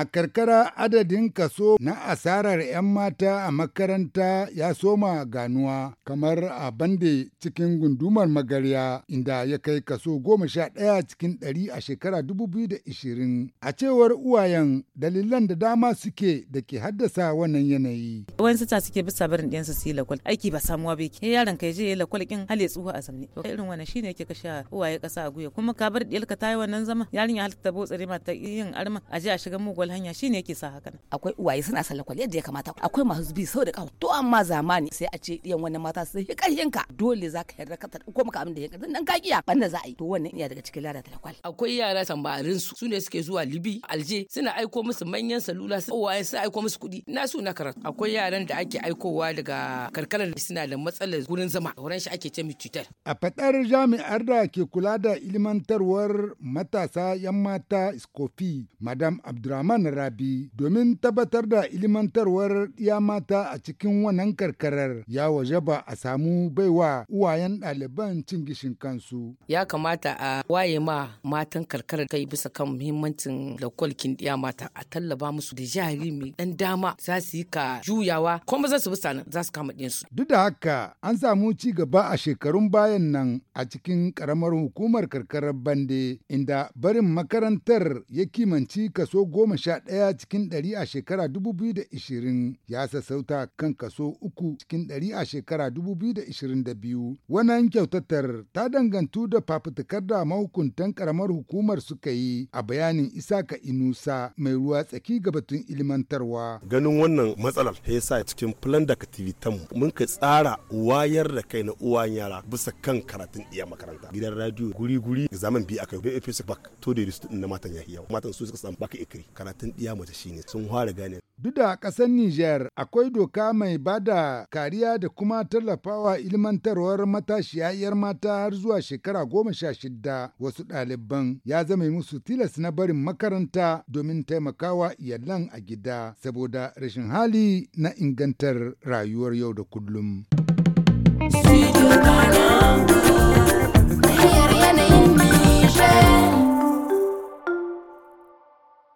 A karkara adadin kaso na asarar 'yan mata a makaranta ya soma ganuwa kamar a bande cikin gundumar magarya inda ya kai kaso goma sha ɗaya cikin ɗari a shekara 2020. A cewar uwayen dalilan da dama suke da ke haddasa wannan yanayi. Wani sata suke bisa barin ɗiyansu su yi lakwal aiki ba samuwa bai ke yaron ka je ya lakwal kin hali tsuhu a zamne. Irin wani shine yake kashe uwaye ƙasa a guya kuma ka bar ɗiyarka ta yi wannan zama yarinya halitta ta botsare ma ta yin arma a je a shiga mugun kwal hanya shine yake sa hakan akwai uwaye suna sallakwal yadda ya kamata akwai masu bi sau da kawo to amma zamani sai a ce iyan wannan mata sai hikayen ka dole zaka ka yarda ka ko maka abinda da ya kadan ka kiya banda za a yi to wannan iya daga cikin lalata lakwal akwai yara tambarin su sune suke zuwa libi alje suna aiko musu manyan salula uwaye suna aiko musu kuɗi na su na karatu akwai yaran da ake aikowa daga karkarar suna da matsalar gurin zama wurin shi ake ce mi cutar a fadar jami'ar da ke kula da ilmantarwar matasa yan mata skofi madam abdurrahman Abdurrahman Rabi domin tabbatar da ilimantarwar ya mata a cikin wannan karkarar ya waje ba a samu baiwa uwayen ɗaliban cin gishin kansu. Ya kamata a waye ma matan karkarar kai bisa kan muhimmancin lakwalkin ɗiya mata a tallaba musu da jari mai ɗan dama za su yi ka juyawa kuma za su bi za su kama ɗinsu. Duk da haka an samu ci gaba a shekarun bayan nan a cikin ƙaramar hukumar karkarar Bande inda barin makarantar ya kimanci kaso goma ɗaya cikin ɗari a shekara dubu biyu da ishirin ya sassauta kan kaso uku cikin ɗari a shekara dubu biyu da da ishirin biyu. Wannan kyautatar ta dangantu da fafutukar da mahukuntan ƙaramar hukumar suka yi a bayanin Isaka Inusa mai ruwa tsaki ga batun ilimantarwa. Ganin wannan matsalar ya sa cikin plan da mu mun ka tsara wayar da kai na uwan yara bisa kan karatun iya makaranta. Gidan radio guri-guri zaman biyu aka yi ba bak to da na matan ya matan su suka samu baka ikiri karatun ɗiya mace shine sun fara gane duk da ƙasar Nijar akwai doka mai ba da kariya da kuma tallafawa ilmantarwar matashiya 'yar mata har zuwa shekara goma sha shida wasu ɗaliban ya zama musu tilas na barin makaranta domin taimakawa iyalan a gida saboda rashin hali na ingantar rayuwar yau da kullum.